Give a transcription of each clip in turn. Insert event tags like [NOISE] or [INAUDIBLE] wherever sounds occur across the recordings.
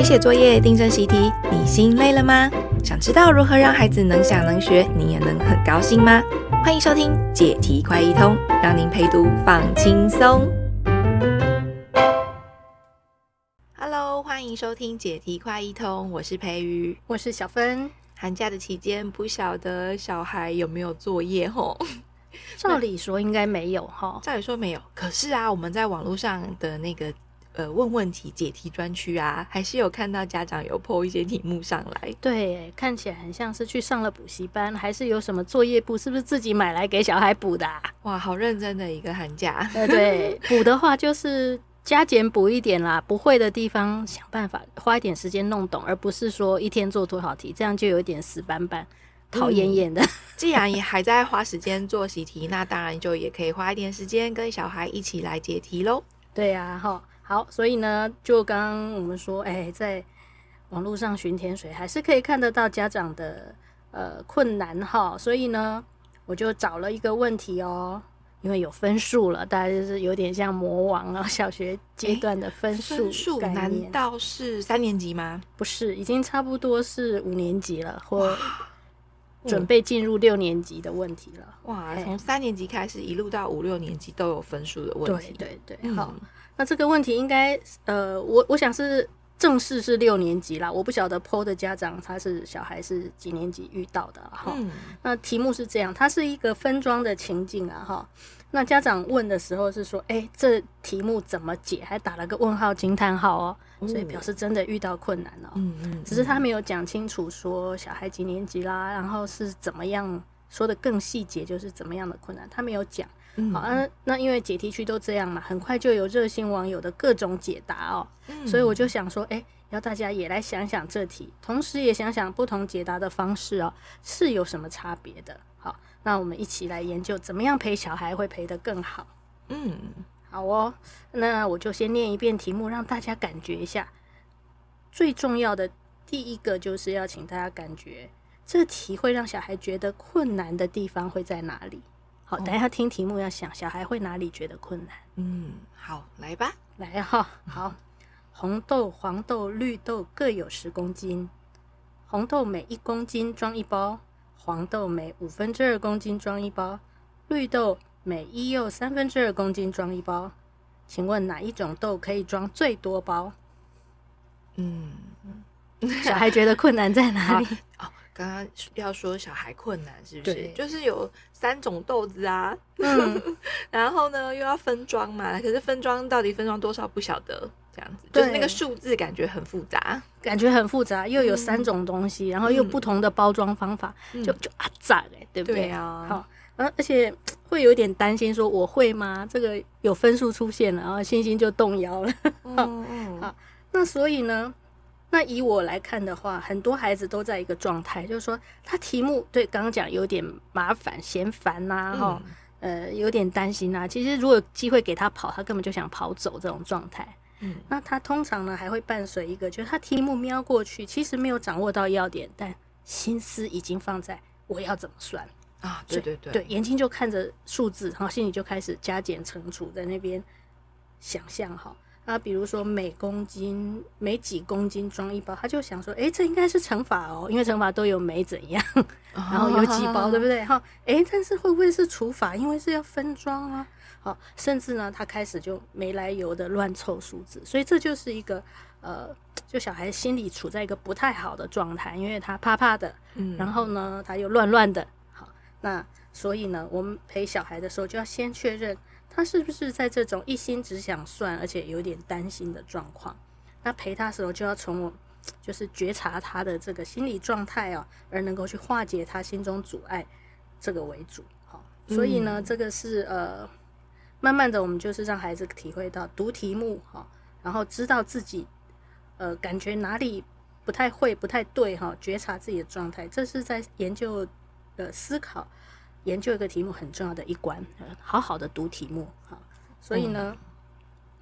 陪寫作業、訂正習題，你心累了嗎？想知道如何讓孩子能想能學，你也能很高興嗎？歡迎收聽《解題快易通》，讓您陪讀放輕鬆。Hello，歡迎收聽《解題快易通》，我是培瑜，我是小芬。寒假的期間，不曉得小孩有沒有作業哦。照理說應該沒有哈，照理說沒有，哦。可是啊，我們在網絡上的那個。呃，問問題解題專區啊，還是有看到家長有拋一些題目上來。對，看起來很像是去上了補習班，還是有什麼作業簿？是不是自己買來給小孩補的、啊？哇，好認真的一個寒假。對對，補的話就是加減補一點啦， [LAUGHS] 不會的地方想辦法花一點時間弄懂，而不是說一天做多少題，這樣就有點死板板、討厭厭的、嗯。既然也還在花時間做習題， [LAUGHS] 那當然就也可以花一點時間跟小孩一起來解題嘍。對啊，哈。好，所以呢，就剛剛我們說，哎、欸，在網絡上巡田水，還是可以看得到家長的呃困難哈。所以呢，我就找了一個問題哦、喔，因為有分數了，大家就是有點像魔王啊、喔、小學階段的分數、欸，分數難道是三年級嗎？不是，已經差不多是五年級了，或準備進入六年級的問題了。哇，從、欸、三年級開始一路到五六年級都有分數的問題，對對對，好、嗯。嗯那這個問題應該，呃，我我想是正式是六年級啦，我不曉得 Paul 的家長他是小孩是幾年級遇到的哈、嗯。那題目是這樣，它是一個分裝的情境啊哈。那家長問的時候是說，哎、欸，這題目怎麼解？還打了個問號驚嘆號哦、喔，所以表示真的遇到困難了、喔。嗯嗯。只是他沒有講清楚說小孩幾年級啦，然後是怎麼樣說的更細節，就是怎麼樣的困難，他沒有講。嗯、好啊，那因為解題區都這樣嘛，很快就有熱心網友的各種解答哦、喔嗯。所以我就想說，哎、欸，要大家也來想想這題，同時也想想不同解答的方式哦、喔，是有什麼差別的。好，那我們一起來研究怎麼樣陪小孩會陪得更好。嗯，好哦、喔，那我就先念一遍題目，讓大家感覺一下。最重要的第一個就是要請大家感覺這題會讓小孩覺得困難的地方會在哪裡。好，等一下聽題目、哦、要想，小孩會哪裡覺得困難？嗯，好，來吧，來哈、哦。好，紅豆、黃豆、綠豆各有十公斤。紅豆每一公斤裝一包，黃豆每五分之二公斤裝一包，綠豆每一又三分之二公斤裝一包。請問哪一種豆可以裝最多包？嗯， [LAUGHS] 小孩覺得困難在哪裡？哦。剛剛要說小孩困難是不是？對，就是有三種豆子啊，嗯、 [LAUGHS] 然後呢又要分裝嘛，可是分裝到底分裝多少不曉得，這樣子，就是那個數字感覺很複雜，感覺很複雜，又有三種東西，嗯、然後又不同的包裝方法，嗯、就就啊贊哎，對不對？對啊。好，而且會有點擔心，說我會嗎？這個有分數出現了，然後信心就動搖了。嗯好嗯。好，那所以呢？那以我來看的話，很多孩子都在一個狀態，就是說他題目對剛剛講有點麻煩，嫌煩吶、啊，哈、嗯，呃，有點擔心啊。其實如果有機會給他跑，他根本就想跑走這種狀態。嗯，那他通常呢還會伴隨一個，就是他題目瞄過去，其實沒有掌握到要點，但心思已經放在我要怎麼算啊？對對對，對，眼睛就看着數字，然後心裡就開始加減乘除在那邊想象哈。他、啊、比如說每公斤每幾公斤裝一包，他就想說，誒、欸，這應該是乘法哦，因為乘法都有每怎樣、哦，然後有幾包，哦、對不對？哈、哦，誒，但是會不會是除法？因為是要分裝啊，好、哦，甚至呢，他開始就沒來由的亂湊數字，所以這就是一個呃，就小孩心裡處在一個不太好的狀態，因為他怕怕的，嗯，然後呢，他又亂亂的，好，那所以呢，我們陪小孩的時候就要先確認。他是不是在這種一心只想算，而且有點擔心的狀況？那陪他時候就要從我，就是覺察他的這個心理狀態啊，而能夠去化解他心中阻礙，這個為主。好、嗯，所以呢，這個是呃，慢慢的我們就是讓孩子體會到讀題目哈、呃，然後知道自己呃感覺哪裡不太會、不太對哈、呃，覺察自己的狀態，這是在研究的思考研究一個題目很重要的一關，好好的讀題目，好，所以呢、嗯，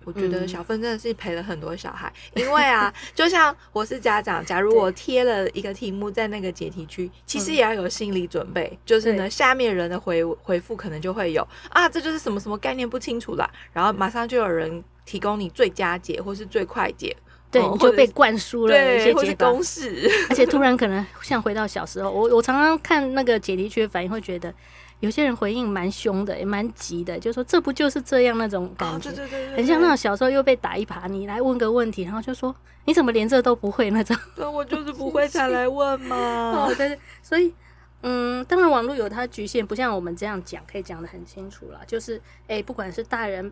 我覺得小芬真的是陪了很多小孩，嗯、因為啊，就像我是家長，假如我貼了一個題目在那個解題區，其實也要有心理準備，嗯、就是呢，下面人的回回覆可能就會有啊，這就是什麼什麼概念不清楚啦，然後馬上就有人提供你最佳解或是最快解。對，你就被灌輸了那些公式，而且突然可能像回到小時候， [LAUGHS] 我我常常看那個解題區的反應，會覺得有些人回應蠻兇的、欸，也蠻急的，就說這不就是這樣那種感覺，啊、對對對對對，很像那種小時候又被打一耙，你來問個問題，然後就說你怎麼連這都不會那種，那我就是不會才來問嘛。 [LAUGHS] 對，所以嗯，當然網絡有它的局限，不像我們這樣講，可以講得很清楚啦。就是哎、欸，不管是大人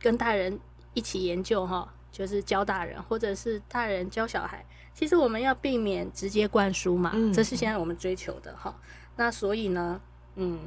跟大人一起研究哈。就是教大人，或者是大人教小孩，其實我們要避免直接灌輸嘛，嗯，這是現在我們追求的哈，嗯。那所以呢，嗯，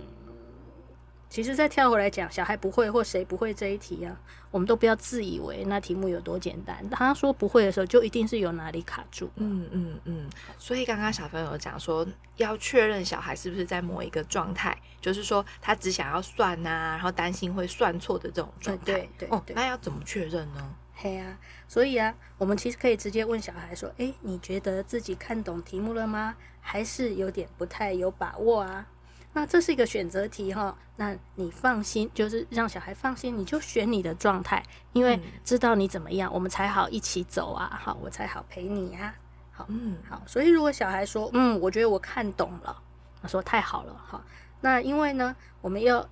其實再跳回來講，小孩不會或誰不會這一題啊，我們都不要自以為那題目有多簡單。他說不會的時候，就一定是有哪裡卡住。嗯嗯嗯。所以剛剛小朋友講說，要確認小孩是不是在某一個狀態，就是說他只想要算啊，然後擔心會算錯的這種狀態。對對對、對。哦，那要怎麼確認呢？嗯嘿啊，所以啊，我們其實可以直接問小孩說：“誒，你覺得自己看懂題目了嗎？還是有點不太有把握啊？”那這是一個選擇題哈，那你放心，就是讓小孩放心，你就選你的狀態，因為知道你怎麼樣，我們才好一起走啊，好，我才好陪你呀，好，嗯，好。所以如果小孩說：“嗯，我覺得我看懂了。”我說：“太好了，好。”那因為呢，我們要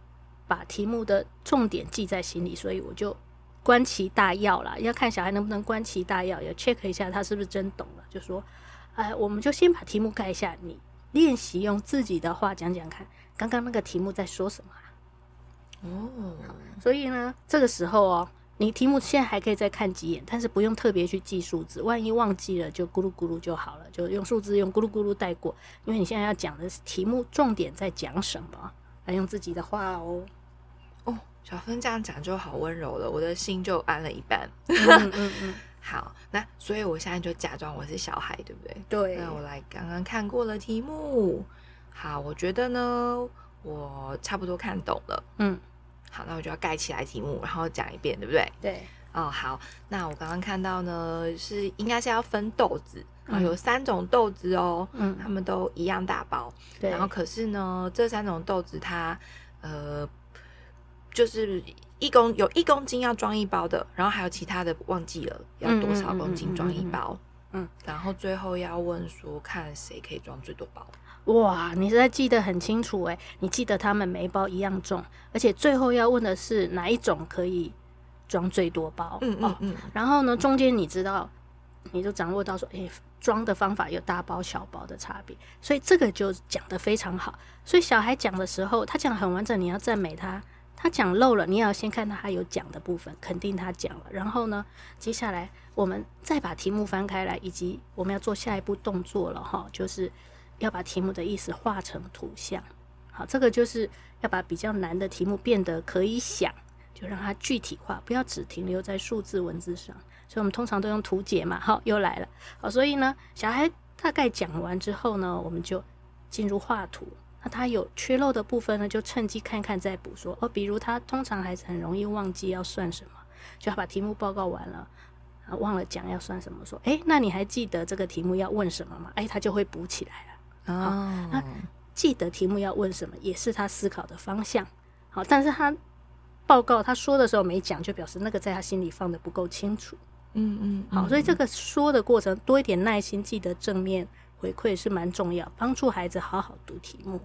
把題目的重點記在心裡，所以我就。觀其大要啦，要看小孩能不能觀其大要，要 check 一下他是不是真懂了。就說，哎、呃，我們就先把題目蓋一下，你練習用自己的話講講看，剛剛那個題目在說什麼啊？哦，所以呢，這個時候哦，你題目現在還可以再看幾眼，但是不用特別去記數字，萬一忘記了就咕嚕咕嚕就好了，就用數字用咕嚕咕嚕帶過，因為你現在要講的是題目重點在講什麼，來用自己的話哦。小芬這樣講就好溫柔了，我的心就安了一半。嗯嗯嗯。好，那所以我現在就假裝我是小孩，對不對？對。那我來剛剛看過了題目。好，我覺得呢，我差不多看懂了。嗯。好，那我就要蓋起來題目，然後講一遍，對不對？對。哦、嗯，好。那我剛剛看到呢，是應該是要分豆子，嗯、有三種豆子哦。嗯。它們都一樣大包。對。然後可是呢，這三種豆子它，呃。就是一公有一公斤要裝一包的，然後還有其他的忘記了要多少公斤裝一包。嗯嗯嗯，嗯，然後最後要問說看誰可以裝最多包。哇，你現在記得很清楚哎、欸，你記得他們每一包一樣重，而且最後要問的是哪一種可以裝最多包，嗯，嗯，嗯，哦，然後呢，中間你知道你就掌握到說哎裝的方法有大包小包的差別，所以這個就講得非常好。所以小孩講的時候他講很完整，你要讚美他，他講漏了，你要先看到他有講的部分，肯定他講了。然後呢，接下來我們再把題目翻開來，以及我們要做下一步動作了哈，就是要把題目的意思畫成圖像。好，這個就是要把比較難的題目變得可以想，就讓它具體化，不要只停留在數字文字上。所以我們通常都用圖解嘛。好，又來了。好，所以呢，小孩大概講完之後呢，我們就進入畫圖。那他有缺漏的部分呢，就趁機看看再補說。哦，比如他通常還是很容易忘記要算什麼，就要把題目報告完了，啊忘了講要算什麼，說，哎、欸，那你還記得這個題目要問什麼嗎？哎、欸，他就會補起來了。哦、oh.，那記得題目要問什麼，也是他思考的方向。好，但是他報告他說的時候沒講，就表示那個在他心裡放得不夠清楚。嗯嗯，好，所以這個說的過程多一點耐心，記得正面。回饋是蠻重要，幫助孩子好好讀題目。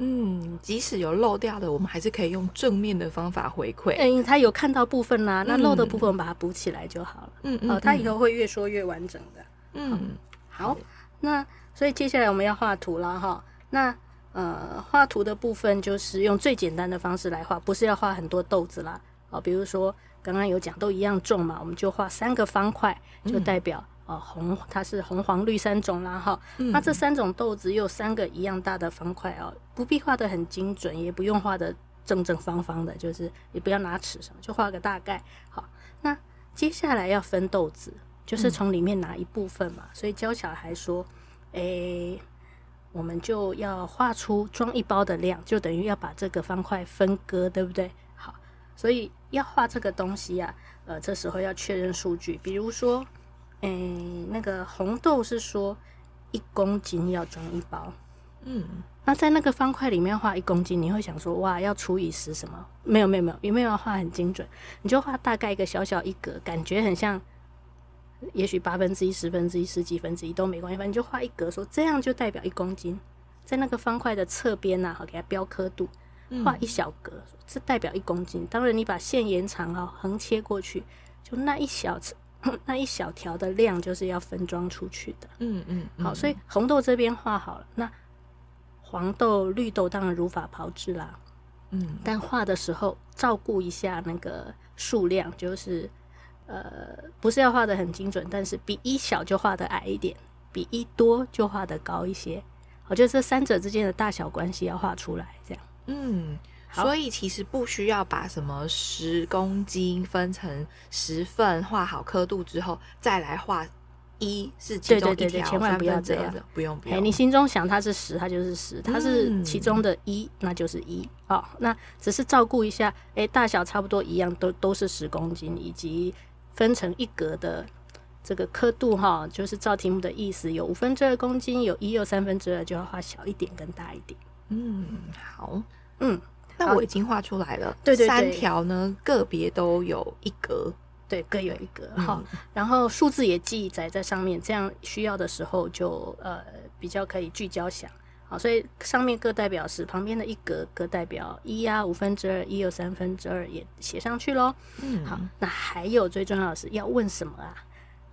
嗯，即使有漏掉的，我們還是可以用正面的方法回饋。嗯，他有看到部分啦、啊，那漏的部分我們把它補起來就好了。嗯嗯，嗯、哦。他以後會越說越完整的。嗯，好。好好，那所以接下來我們要畫圖啦，哈。那呃，畫圖的部分就是用最簡單的方式來畫，不是要畫很多豆子啦。啊、哦，比如說剛剛有講都一樣重嘛，我們就畫三個方塊就代表、嗯。哦，紅它是紅黃綠三種啦，哈、嗯，那這三種豆子又有三個一樣大的方塊哦，不必畫得很精準，也不用畫得正正方方的，就是也不要拿尺什麼，就畫個大概。好，那接下來要分豆子，就是從裡面拿一部分嘛，嗯、所以教小孩說，誒、欸，我們就要畫出裝一包的量，就等於要把這個方塊分割，對不對？好，所以要畫這個東西呀、啊，呃，這時候要確認數據，比如說。哎、嗯，那個紅豆是說一公斤要裝一包，嗯，那在那個方塊裡面畫一公斤，你會想說哇，要除以十什麼？沒有沒有沒有，也沒有畫很精準，你就畫大概一個小小一格，感覺很像，也許八分之一、十分之一、十幾分之一都沒關係，反正你就畫一格說，說這樣就代表一公斤。在那個方塊的側邊呢，好給它標刻度，畫一小格，這代表一公斤、嗯。當然你把線延長好、喔、橫切過去，就那一小。 [LAUGHS] 那一小條的量就是要分裝出去的。嗯嗯，嗯。好，所以紅豆這邊畫好了，那黃豆、綠豆當然如法炮制啦。嗯。但畫的時候照顧一下那個數量，就是呃，不是要畫得很精準，但是比一小就畫得矮一點，比一多就畫得高一些。我覺得這三者之間的大小關係要畫出來，這樣。嗯。所以其實不需要把什麼十公斤分成十份，畫好刻度之後再來畫一，是其中一條，千萬不要這樣。不用不要，哎，你心中想它是十，它就是十；它、嗯、是其中的一，那就是一。哦，那只是照顧一下，哎、欸，大小差不多一樣，都都是十公斤，以及分成一格的這個刻度哈、哦，就是照題目的意思，有五分之二公斤，有一又三分之二就要畫小一點跟大一點。嗯，好，嗯。啊、那我已經畫出來了，對，對，對，對三條呢，個別都有一格，對，對各有一格哈、嗯。然後數字也記載在上面、嗯，這樣需要的時候就呃比較可以聚焦想好，所以上面各代表是旁邊的一格，各代表一啊，五分之二，一又三分之二也寫上去嘍。嗯，好，那還有最重要的是要問什麼啊？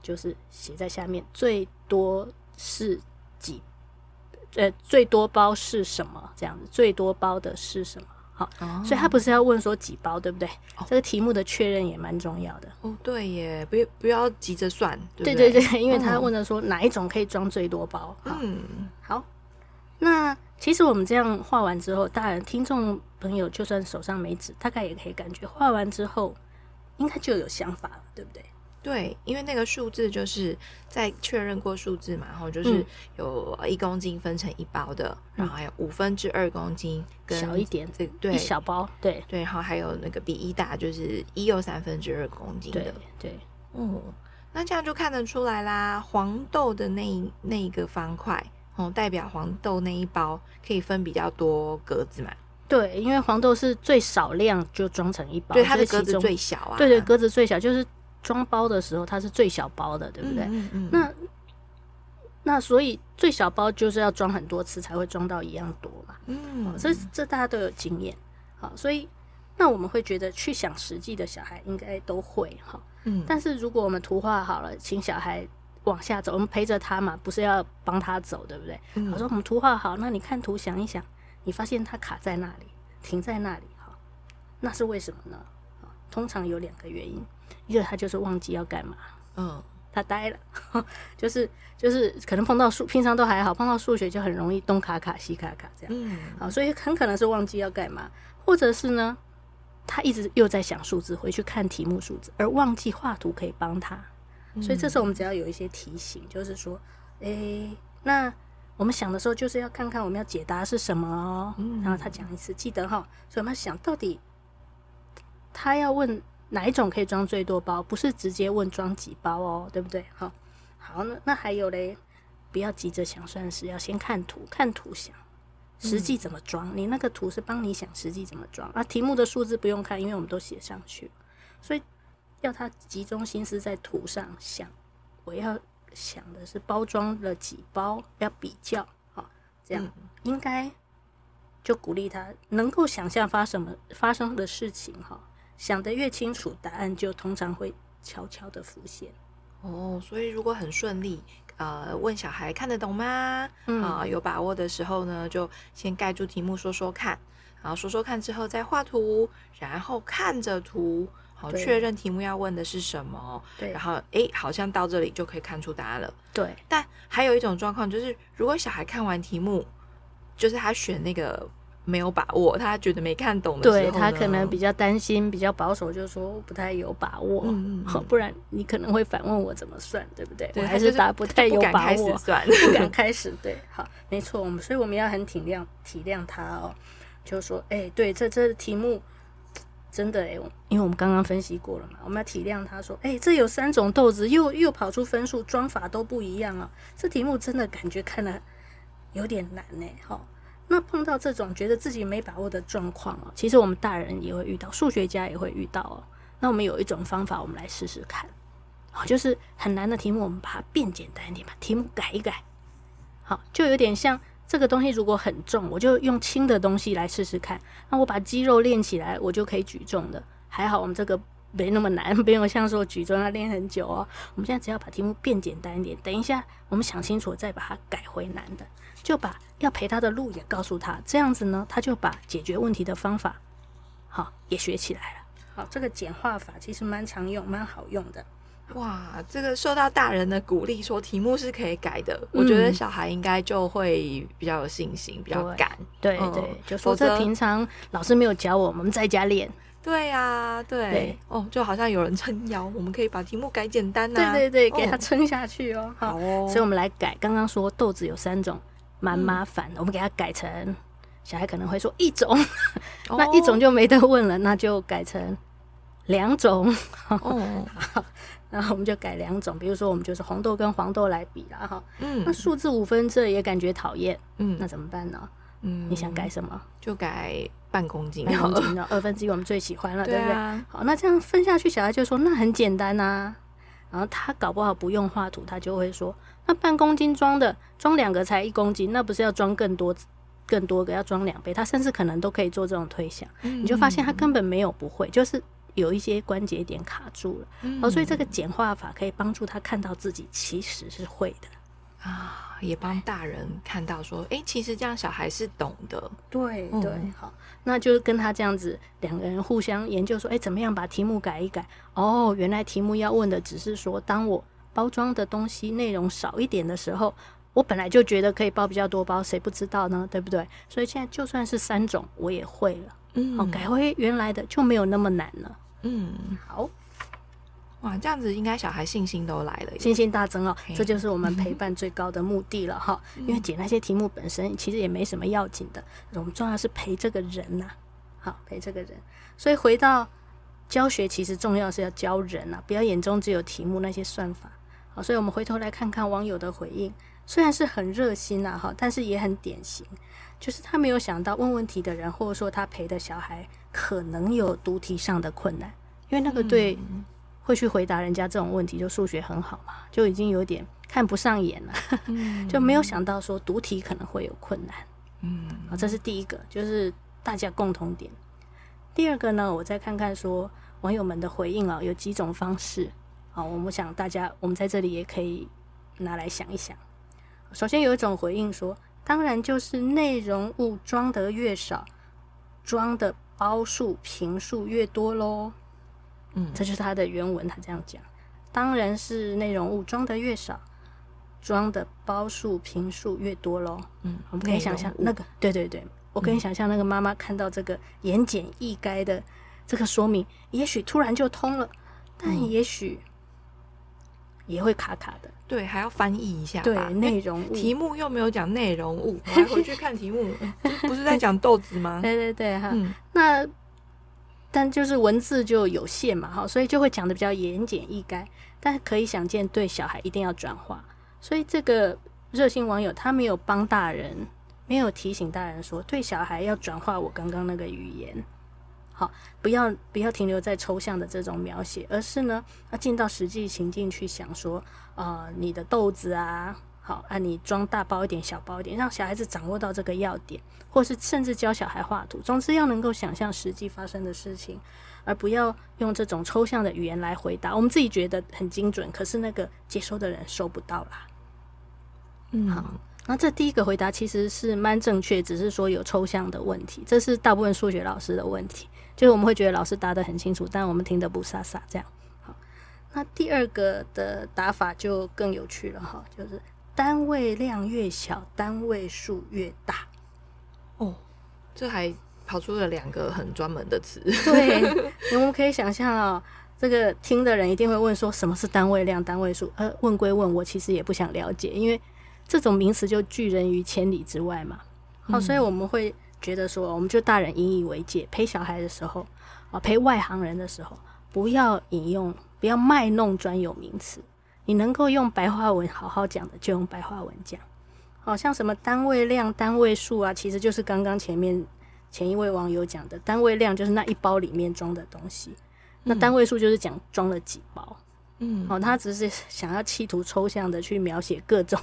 就是寫在下面最多是幾，呃，最多包是什麼？這樣子最多包的是什麼？好、哦，所以他不是要問說幾包，對不對？哦、這個題目的確認也蠻重要的。哦，對耶，不不要急着算對不對？對對對，因為他問的說哪一種可以裝最多包。嗯，好，那其實我們這樣畫完之後，大人聽眾朋友就算手上沒紙，大概也可以感覺畫完之後應該就有想法了，對不對？對，因為那個數字就是在確認過數字嘛，然後就是有一公斤分成一包的、嗯，然後還有五分之二公斤跟、這個，小一點，這一小包，對對，然後還有那個比一大，就是一又三分之二公斤的，對，對，嗯，那這樣就看得出來啦，黃豆的那那一個方塊，哦，代表黃豆那一包可以分比較多格子嘛，對，因為黃豆是最少量就裝成一包，對，它的格子最小啊，對對，格子最小就是。裝包的時候，它是最小包的，對不對？嗯嗯嗯，那那所以最小包就是要裝很多次才會裝到一樣多嘛。嗯，嗯、哦，這這大家都有經驗。好、哦，所以那我們會覺得去想實際的小孩應該都會哈、哦。嗯，但是如果我們圖畫好了，請小孩往下走，我們陪着他嘛，不是要幫他走，對不對？我、嗯嗯、說我們圖畫好，那你看圖想一想，你發現他卡在那裡，停在那裡、哦、那是為什麼呢、哦？通常有兩個原因。一個他就是忘記要幹嘛，嗯、oh.，他呆了， [LAUGHS] 就是就是可能碰到數，平常都還好，碰到數學就很容易東卡卡西卡卡這樣，嗯，啊，所以很可能是忘記要幹嘛，或者是呢，他一直又在想數字，回去看題目數字，而忘記畫圖可以幫他，mm. 所以這時候我們只要有一些提醒，就是說，哎、欸，那我們想的時候就是要看看我們要解答是什麼哦、喔，mm. 然後他講一次記得哈，所以我們要想到底他要問。哪一種可以裝最多包？不是直接問裝幾包哦，喔，對不對？好，好，那那還有嘞，不要急着想算式，要先看圖，看圖想實際怎麼裝，嗯。你那個圖是幫你想實際怎麼裝啊？題目的數字不用看，因為我們都寫上去，所以要他集中心思在圖上想。我要想的是包裝了幾包要比較，好，喔，這樣，嗯，應該就鼓勵他能夠想象發什麼發生的事情哈。想得越清楚，答案就通常會悄悄的浮現。哦，所以如果很順利，呃，問小孩看得懂嗎？啊、嗯、呃，有把握的時候呢，就先蓋住題目說說看，然後說說看之後再畫圖，然後看着圖，好確認題目要問的是什麼。對，然後誒，好像到這裡就可以看出答案了。對。但還有一種狀況就是，如果小孩看完題目，就是他選那個。沒有把握，他覺得沒看懂的，對他可能比較擔心，比較保守，就說不太有把握。嗯哦、不然你可能會反問我怎麼算，對不對？對，我還是打不太有把握，不敢開始算，不敢開始。對，好，沒錯，我們所以我們要很體諒體諒他哦。就說，哎、欸，對，這這題目真的哎，因為我們剛剛分析過了嘛，我們要體諒他說，哎、欸，這有三種豆子，又又跑出分數裝法都不一樣啊、哦，這題目真的感覺看來有點難呢、欸，哈、哦。那碰到這種覺得自己沒把握的狀況哦，其實，我們大人也會遇到，數學家也會遇到哦。那我們有一種方法，我們來試試看，好，就是很難的題目，我們把它變簡單一點，把題目改一改，好，就有點像這個東西如果很重，我就用輕的東西來試試看。那我把肌肉練起來，我就可以舉重的。還好我們這個沒那麼難，沒有像說舉重要練很久哦。我們現在只要把題目變簡單一點，等一下我們想清楚再把它改回難的。就把要陪他的路也告訴他，這樣子呢，他就把解決問題的方法，好、哦、也學起來了。好，這個簡化法其實蠻常用、蠻好用的。哇，這個受到大人的鼓勵，說題目是可以改的，嗯、我覺得小孩應該就會比較有信心、比較敢。對、嗯、對，對對就是、說這平常老師沒有教我，我們，在家練。對呀、啊，對、對哦，就好像有人撐腰，我們可以把題目改簡單吶、啊。對對對，給他撐下去哦。哦、好，好哦，所以我們來改。剛剛說豆子有三種。蠻麻煩的、嗯，我們給它改成小孩可能會說一種，哦、 [LAUGHS] 那一種就沒得問了，嗯、那就改成兩種 [LAUGHS] 哦。那 [LAUGHS] 我們就改兩種，比如說我們就是紅豆跟黃豆來比了哈。嗯。那數字五分之二也感覺討厭，嗯，那怎麼辦呢？嗯，你想改什麼就改半公斤，公斤 [LAUGHS] 二分之一我們最喜歡了對、啊，對不對？好，那這樣分下去，小孩就說那很簡單吶、啊。然後他搞不好不用畫圖，他就會說。那半公斤裝的，裝兩個才一公斤，那不是要裝更多，更多個要裝兩倍，他甚至可能都可以做這種推想、嗯。你就發現他根本沒有不會，就是有一些關節點卡住了。好、嗯，哦，所以這個簡化法可以幫助他看到自己其實是會的啊，也幫大人看到說，哎、欸，欸，其實這樣小孩是懂的。對、對、嗯，好，那就跟他這樣子兩個人互相研究說，哎、欸，怎麼樣把題目改一改？哦，原來題目要問的只是說，當我。包裝的東西內容少一點的時候，我本來就覺得可以包比較多包，誰不知道呢？對不對？所以現在就算是三種，我也會了。嗯，哦，改回原來的就沒有那麼難了。嗯，好。哇，這樣子應該小孩信心都來了，信心大增哦。這就是我們陪伴最高的目的了哈、嗯。因為解那些題目本身其實也沒什麼要緊的，我、嗯、們重要是陪這個人吶、啊。好，陪這個人。所以回到教學，其實重要是要教人啊，不要眼中只有題目那些算法。所以我們回頭來看看網友的回應，雖然是很熱心啊，哈，但是也很典型，就是他沒有想到問問題的人，或者說他陪的小孩可能有讀題上的困難，因為那個對會去回答人家這種問題，就數學很好嘛，就已經有點看不上眼了， [LAUGHS] 就沒有想到說讀題可能會有困難。嗯，好，這是第一個，就是大家共同點。第二個呢，我再看看說網友們的回應啊，有幾種方式。好，我們想大家，我們在這裡也可以拿來想一想。首先有一種回應說，當然就是內容物裝得越少，裝的包數、瓶數越多嘍。嗯，這就是他的原文，他這樣講。當然是內容物裝得越少，裝的包數、瓶數越多嘍。嗯，我們可以想象那個，對對對，我可以想象那個媽媽看到這個言簡意賅的這個說明，嗯、也許突然就通了，但也許、嗯。也會卡卡的，對，還要翻譯一下。對，內容物、欸、題目又沒有講內容物，我還回去看題目， [LAUGHS] 不是在講豆子嗎？ [LAUGHS] 對對對，哈、嗯。那但就是文字就有限嘛，哈，所以就會講得比較言簡意賅。但可以想見，對小孩一定要轉化。所以這個熱心網友他沒有幫大人，沒有提醒大人說，對小孩要轉化。我剛剛那個語言。好，不要不要停留在抽象的這種描寫，而是呢，要、啊、進到實際情境去想說，呃，你的豆子啊，好啊，你裝大包一點，小包一點，讓小孩子掌握到這個要點，或是甚至教小孩畫圖，總之要能夠想象實際發生的事情，而不要用這種抽象的語言來回答。我們自己覺得很精準，可是那個接收的人收不到啦。嗯，好，那這第一個回答其實是蠻正確，只是說有抽象的問題，這是大部分數學老師的問題。就是我們會覺得老師答得很清楚，但我們聽得不煞煞這樣。好，那第二個的答法就更有趣了哈，就是單位量越小，單位數越大。哦，這還跑出了兩個很專門的詞。對， [LAUGHS] 我們可以想像啊，這個聽的人一定會問說，什麼是單位量、單位數？呃，問歸問，我其實也不想了解，因為這種名詞就拒人於千里之外嘛。好，所以我們會。覺得說，我們就大人引以為戒，陪小孩的時候啊，陪外行人的時候，不要引用，不要賣弄專有名詞。你能夠用白話文好好講的，就用白話文講。好，哦，像什麼單位量、單位數啊，其實就是剛剛前面前一位網友講的，單位量就是那一包裡面裝的東西，那單位數就是講裝了幾包。嗯，哦，他只是想要企圖抽象地去描寫各種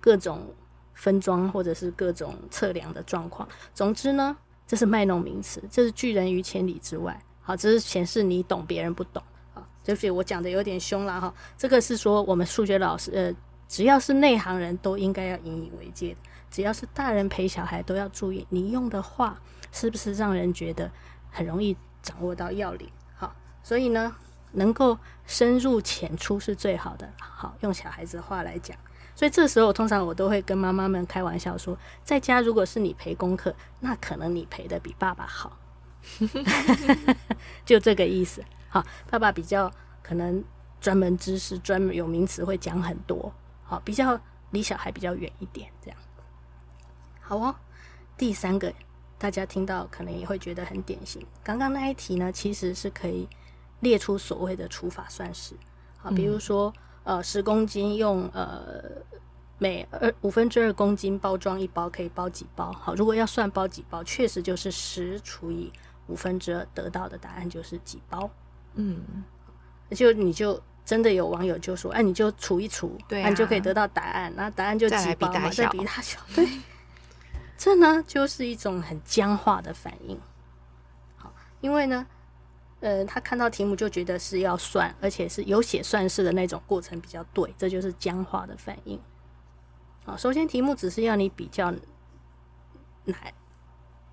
各種。分裝或者是各種測量的狀況，總之呢，這是賣弄名詞，這是拒人於千里之外。好，這是顯示你懂別人不懂啊。就是我講的有點兇了哈。這個是說我們數學老師呃，只要是內行人都應該要引以為戒的，只要是大人陪小孩都要注意，你用的話是不是讓人覺得很容易掌握到要領？好，所以呢，能夠深入淺出是最好的。好，用小孩子的話來講。所以這個時候，通常我都會跟媽媽們開玩笑說，在家如果是你陪功課，那可能你陪得比爸爸好， [LAUGHS] 就這個意思。好，爸爸比較可能專門知識、專門有名詞會講很多，好，比較離小孩比較遠一點，這樣。好哦，第三個大家聽到可能也會覺得很典型。剛剛那一題呢，其實是可以列出所謂的除法算式，好，比如說。嗯呃，十公斤用呃每二五分之二公斤包裝一包，可以包幾包？好，如果要算包幾包，確實就是十除以五分之二，得到的答案就是幾包。嗯，就你就真的有網友就說，哎、啊，你就除一除，對、啊啊，你就可以得到答案，那答案就幾包嘛？再比大小，對， [LAUGHS] 這呢就是一種很僵化的反應。好，因為呢。呃，他看到題目就覺得是要算，而且是有寫算式的那種過程比較對，這就是僵化的反應。好，首先題目只是要你比較哪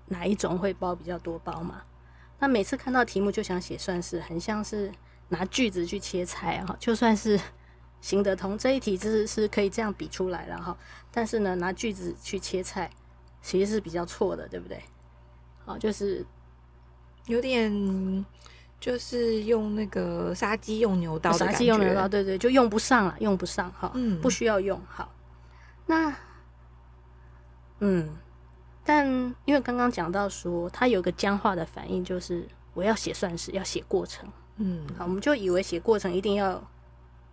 哪一種會包比較多包嘛。那每次看到題目就想寫算式，很像是拿鋸子去切菜啊。就算是行得通這一題，就是是可以這樣比出來了哈。但是呢，拿鋸子去切菜其實是比較錯的，對不對？好，就是有點。就是用那個殺雞用牛刀的感覺。殺雞用牛刀，對，對對，就用不上了，用不上哈、喔嗯，不需要用哈。那，嗯，但因為剛剛講到說，他有個僵化的反應，就是我要寫算式，要寫過程。嗯，好，我們就以為寫過程一定要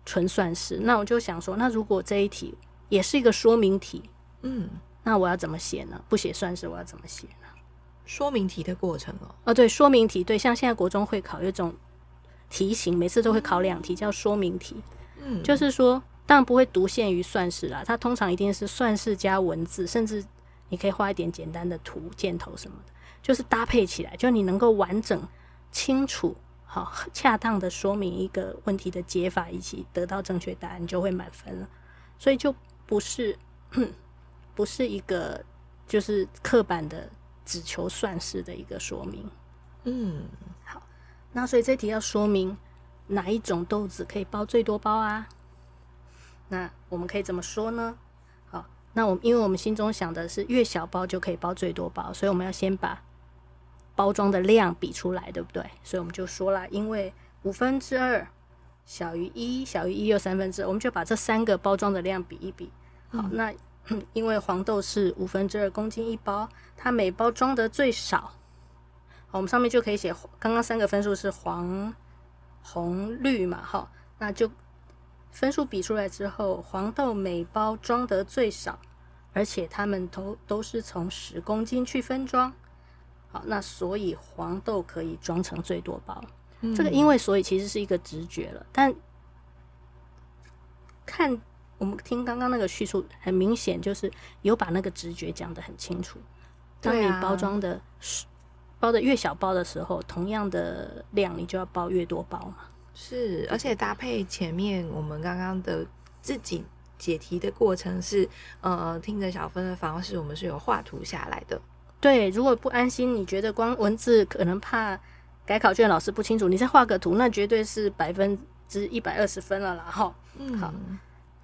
純算式。那我就想說，那如果這一題也是一個說明題，嗯，那我要怎麼寫呢？不寫算式，我要怎麼寫呢？說明題的過程哦，啊、哦，對，說明題，對，像現在國中會考有一種題型，每次都會考兩題，嗯、叫說明題。嗯，就是說，當然不會獨限於算式啦，它通常一定是算式加文字，甚至你可以畫一點簡單的圖、箭頭什麼的，就是搭配起來，就你能夠完整、清楚、好、哦、恰當的說明一個問題的解法，以及得到正確答案，你就會滿分了。所以就不是不是一個就是刻板的。只求算式的一個說明。嗯，好，那所以這題要說明哪一種豆子可以包最多包啊？那我們可以怎麼說呢？好，那我們因為我們心中想的是越小包就可以包最多包，所以我們要先把包裝的量比出來，對不對？所以我們就說啦，因為五分之二小於一小於一又三分之二，我們就把這三個包裝的量比一比。好，嗯、那。因為黃豆是五分之二公斤一包，它每包裝得最少。好，我們上面就可以寫，剛剛三個分數是黃、紅、綠嘛，哈，那就分數比出來之後，黃豆每包裝得最少，而且它們都都是從十公斤去分裝。好，那所以黃豆可以裝成最多包。嗯。這個因為所以其實是一個直覺了，但看。我們聽剛剛那個敘述，很明顯就是有把那個直覺講得很清楚。對，當你包裝的、啊、包的越小包的時候，同樣的量，你就要包越多包嘛。是，而且搭配前面我們剛剛的自己解題的過程是，呃，聽着小芬的方式，我們是有畫圖下來的。對，如果不安心，你覺得光文字可能怕改考卷老師不清楚，你再畫個圖，那絕對是百分之一百二十分了啦！哈，嗯，好。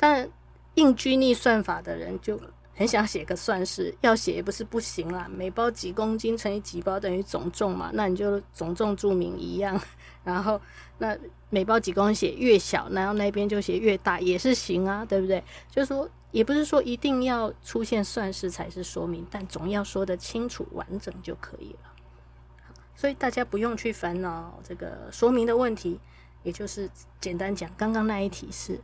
但硬拘泥算法的人就很想寫個算式，要寫也不是不行啦。每包幾公斤乘以幾包等於總重嘛，那你就總重注明一樣。然後那每包幾公斤寫越小，然後那邊就寫越大，也是行啊，對不對？就是說也不是說一定要出現算式才是說明，但總要說得清楚完整就可以了。所以大家不用去煩惱這個說明的問題，也就是簡單講，剛剛那一題是。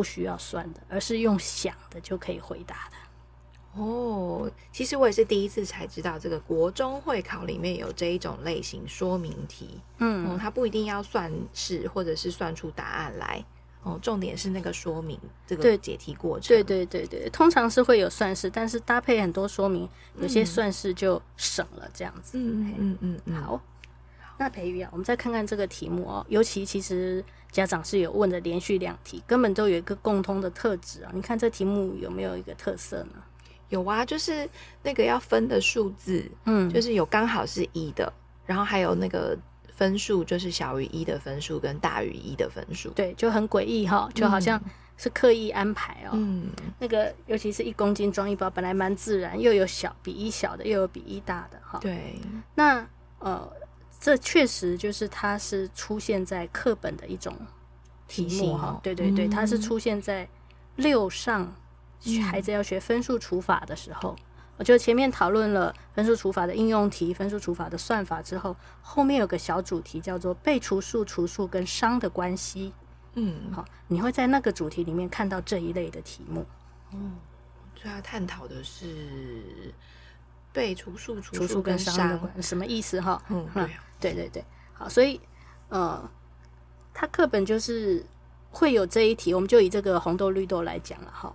不需要算的，而是用想的就可以回答的。哦，其實我也是第一次才知道，這個國中會考裡面有這一種類型說明題。嗯，嗯，它不一定要算式，或者是算出答案來。哦、嗯，重點是那個說明、嗯、這個解題過程。對、對對對對，通常是會有算式，但是搭配很多說明，有些算式就省了這樣子。嗯嗯嗯嗯，好。那培育啊，我們再看看這個題目哦，尤其其實家長是有問的連續兩題，根本都有一個共通的特質啊。你看這題目有沒有一個特色呢？有啊，就是那個要分的數字，嗯，就是有剛好是一的，然後還有那個分數，就是小於一的分數跟大於一的分數。對，就很詭異哈，就好像是刻意安排哦。嗯，那個尤其是一公斤裝一包，本來蠻自然，又有小比一小的，又有比一大的哈。對，那呃。這確實就是它是出現在課本的一種題，題目哈、哦哦，對對對、嗯，它是出現在六上、嗯、孩子要學分數除法的時候、嗯。我就前面討論了分數除法的應用題、分數除法的算法之後，後面有個小主題叫做被除數、除數跟商的關係。嗯，好、哦，你會在那個主題裡面看到這一類的題目。嗯，我主要探討的是。對，除數、除數跟商的關係，什麼意思哈、嗯？嗯，對，對對對，好，所以呃，他課本就是會有這一題，我們就以這個紅豆綠豆來講了哈。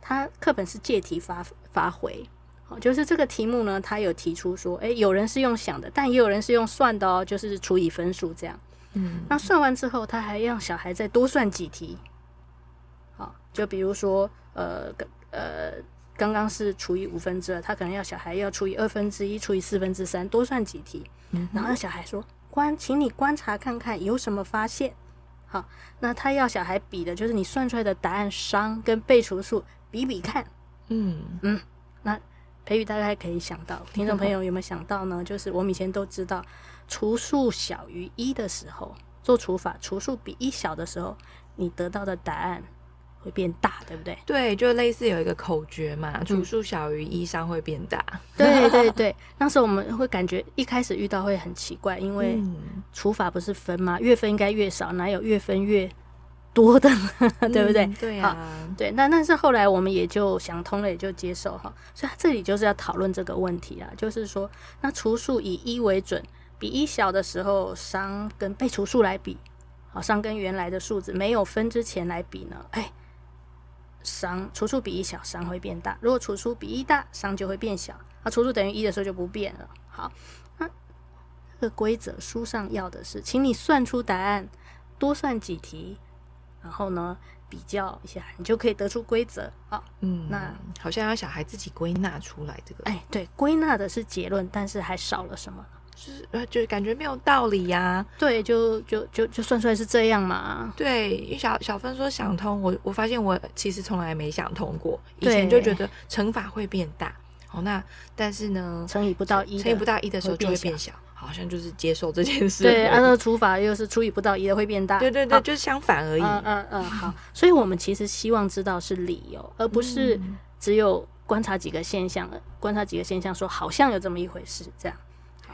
他課本是借題發發揮，好，就是這個題目呢，他有提出說，哎、欸，有人是用想的，但也有人是用算的哦、喔，就是除以分數這樣。嗯，那算完之後，他還讓小孩再多算幾題，好，就比如說呃呃。呃剛剛是除以五分之二，他可能要小孩要除以二分之一，除以四分之三，多算幾題。嗯、然後小孩說：“觀，請你觀察看看有什麼發現。”好，那他要小孩比的就是你算出來的答案，商跟被除數比比看。嗯嗯，那培育大概可以想到，聽眾朋友有沒有想到呢？嗯、就是我們以前都知道，除數小於一的時候做除法，除數比一小的時候，你得到的答案。變大，對不對？對，就類似有一個口訣嘛，除、嗯、數小於一，商會變大。對對對，那時候我們會感覺一開始遇到會很奇怪，因為除法不是分嗎？越分應該越少，哪有越分越多的呢？嗯、 [LAUGHS] 對不對？對啊，對。那但是後來我們也就想通了，也就接受哈。所以他這裡就是要討論這個問題啊，就是說，那除數以一為準，比一小的時候，商跟被除數來比，好，商跟原來的數字沒有分之前來比呢，哎、欸。商除數比一小，商會變大；如果除數比一大，商就會變小。啊，除數等於一的時候就不變了。好，那、啊、這個規則書上要的是，請你算出答案，多算幾題，然後呢，比較一下，你就可以得出規則。啊、哦，嗯，那好像要小孩自己歸納出來這個。哎、欸，對，歸納的是結論，但是還少了什麼？就是呃，就感覺沒有道理呀、啊。對，就就就就算出來是這樣嘛。對，因為小小芬說想通，我我發現我其實從來沒想通過。以前就覺得乘法會變大。哦，那但是呢，乘以不到一，乘以不到一的時候就會變小，好，好像就是接受這件事。對，按照除法又是除以不到一的會變大。對對對，就是相反而已。嗯嗯嗯，好。所以我們其實希望知道是理由， [LAUGHS] 而不是只有觀察幾個現象，觀察幾個現象說好像有這麼一回事，這樣。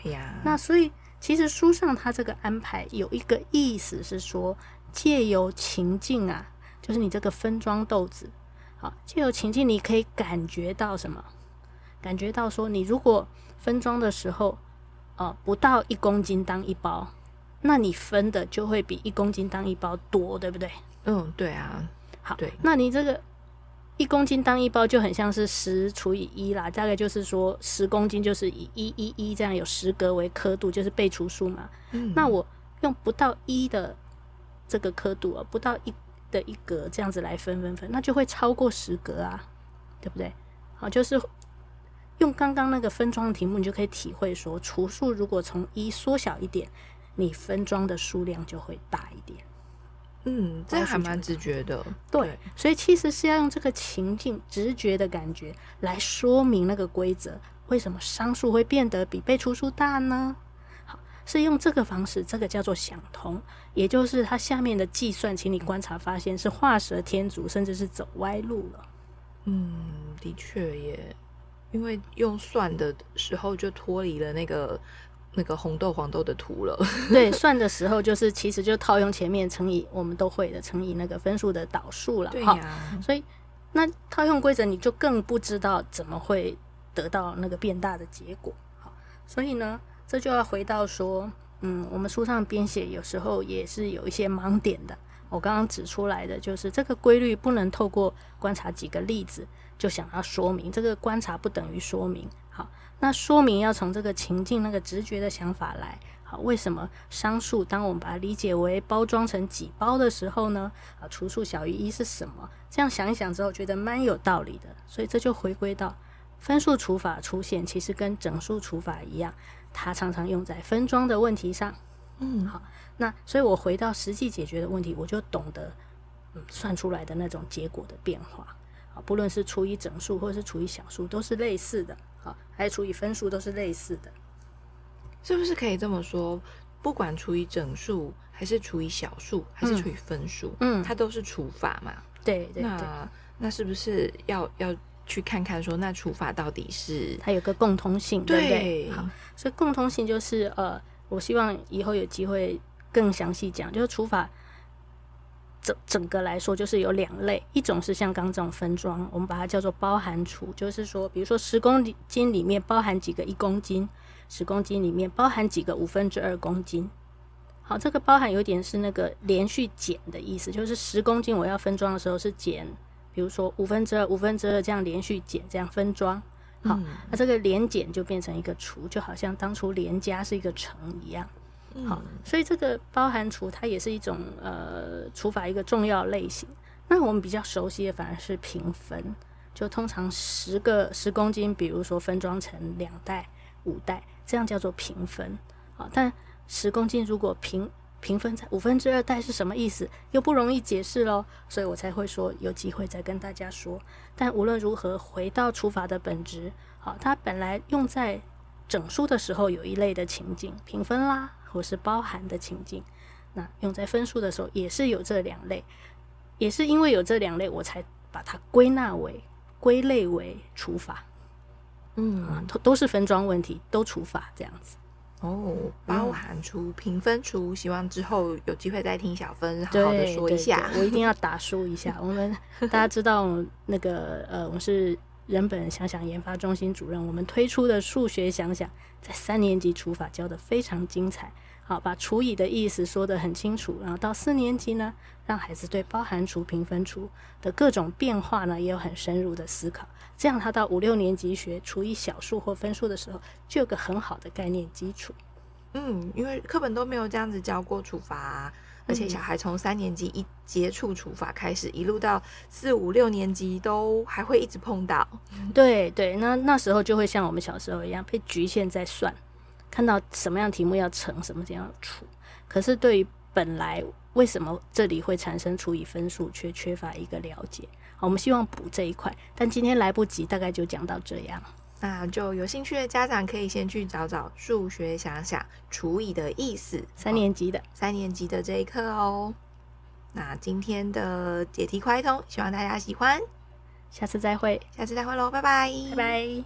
Yeah. 那所以，其實書上他這個安排有一個意思是說，借由情境啊，就是你這個分裝豆子，好，借由情境你可以感覺到什麼？感覺到說，你如果分裝的時候，呃，不到一公斤當一包，那你分的就會比一公斤當一包多，對不對？嗯，對啊。好，對，那你這個。一公斤當一包就很像是十除以一啦，大概就是說十公斤就是以一一一這樣有十格為刻度，就是被除數嘛、嗯。那我用不到一的這個刻度、喔，不到一的一格這樣子來分分分，那就會超過十格啊，對不對？好，就是用剛剛那個分裝的題目，你就可以體會說，除數如果從一縮小一點，你分裝的數量就會大一點。嗯，這還蠻直覺的對。對，所以其實是要用這個情境直覺的感覺來說明那個規則，為什麼商數會變得比被除數大呢？好，是用這個方式，這個叫做想通，也就是它下面的計算，請你觀察發現是畫蛇添足，甚至是走歪路了。嗯，的確也，因為用算的時候就脫離了那個。那個紅豆黃豆的圖了，對，算的時候就是其實就套用前面乘以我們都會的乘以那個分數的倒數了，對呀、啊，好，所以那套用規則你就更不知道怎麼會得到那個變大的結果，好，所以呢，這就要回到說，嗯，我們書上編寫有時候也是有一些盲點的，我剛剛指出來的就是這個規律不能透過觀察幾個例子就想要說明，這個觀察不等於說明，好。那說明要從這個情境那個直覺的想法來好，為什麼商數？當我們把它理解為包裝成幾包的時候呢？啊，除數小於一是什麼？這樣想一想之後，覺得蠻有道理的。所以這就回歸到分數除法出現，其實跟整數除法一樣，它常常用在分裝的問題上。嗯，好，那所以我回到實際解決的問題，我就懂得嗯，算出來的那種結果的變化啊，不論是除以整數或是除以小數，都是類似的。好，哦，還是除以分數都是類似的，是不是可以這麼說？不管除以整數，還是除以小數，還是除以分數，嗯，嗯，它都是除法嘛。對對對。那那是不是要要去看看說，那除法到底是它有個共通性，對不對？對，好，所以共通性就是呃，我希望以後有機會更詳細講，就是除法。整整個來說，就是有兩類，一種是像剛這種分裝，我們把它叫做包含除，就是說，比如說十公斤裡面包含幾個一公斤，十公斤裡面包含幾個五分之二公斤。好，這個包含有點是那個連續減的意思，就是十公斤我要分裝的時候是減，比如說五分之二、五分之二這樣連續減，這樣分裝。好，那、嗯啊、這個連減就變成一個除，就好像當初連加是一個乘一樣。嗯、好，所以這個包含除它也是一種呃除法一個重要類型。那我們比較熟悉的反而是平分，就通常十個十公斤，比如說分裝成兩袋、五袋，這樣叫做平分。好，但十公斤如果平平分在五分之二袋是什麼意思？又不容易解釋嘍。所以我才會說有機會再跟大家說。但無論如何，回到除法的本質，好，它本來用在整數的時候有一類的情景，平分啦。或是包含的情境，那用在分數的時候也是有這兩類，也是因為有這兩類，我才把它歸納為、歸類為除法。嗯，都都是分裝問題，都除法這樣子。哦，包含除、平分除，希望之後有機會再聽小芬好好的說一下，我一定要打輸一下。 [LAUGHS] 我們大家知道那個呃，我們是。人本想想研發中心主任，我們推出的數學想想，在三年級除法教得非常精彩，好，把除以的意思說得很清楚，然後到四年級呢，讓孩子對包含除、平分除的各種變化呢，也有很深入的思考，這樣他到五六年級學除以小數或分數的時候，就有個很好的概念基礎。嗯，因為課本都沒有這樣子教過除法啊。而且小孩從三年級一接觸除法開始，一路到四五六年級都還會一直碰到。嗯、對對，那那時候就會像我們小時候一樣，被局限在算，看到什麼樣題目要乘，什麼怎樣除。可是對於本來為什麼這裡會產生除以分數，卻缺乏一個了解。好，我們希望補這一塊，但今天來不及，大概就講到這樣。那就有興趣的家長可以先去找找數學，想想除以的意思。三年級的，哦，三年級的這一課哦。那今天的解題快易通，希望大家喜歡。下次再會，下次再會嘍，拜拜，拜拜。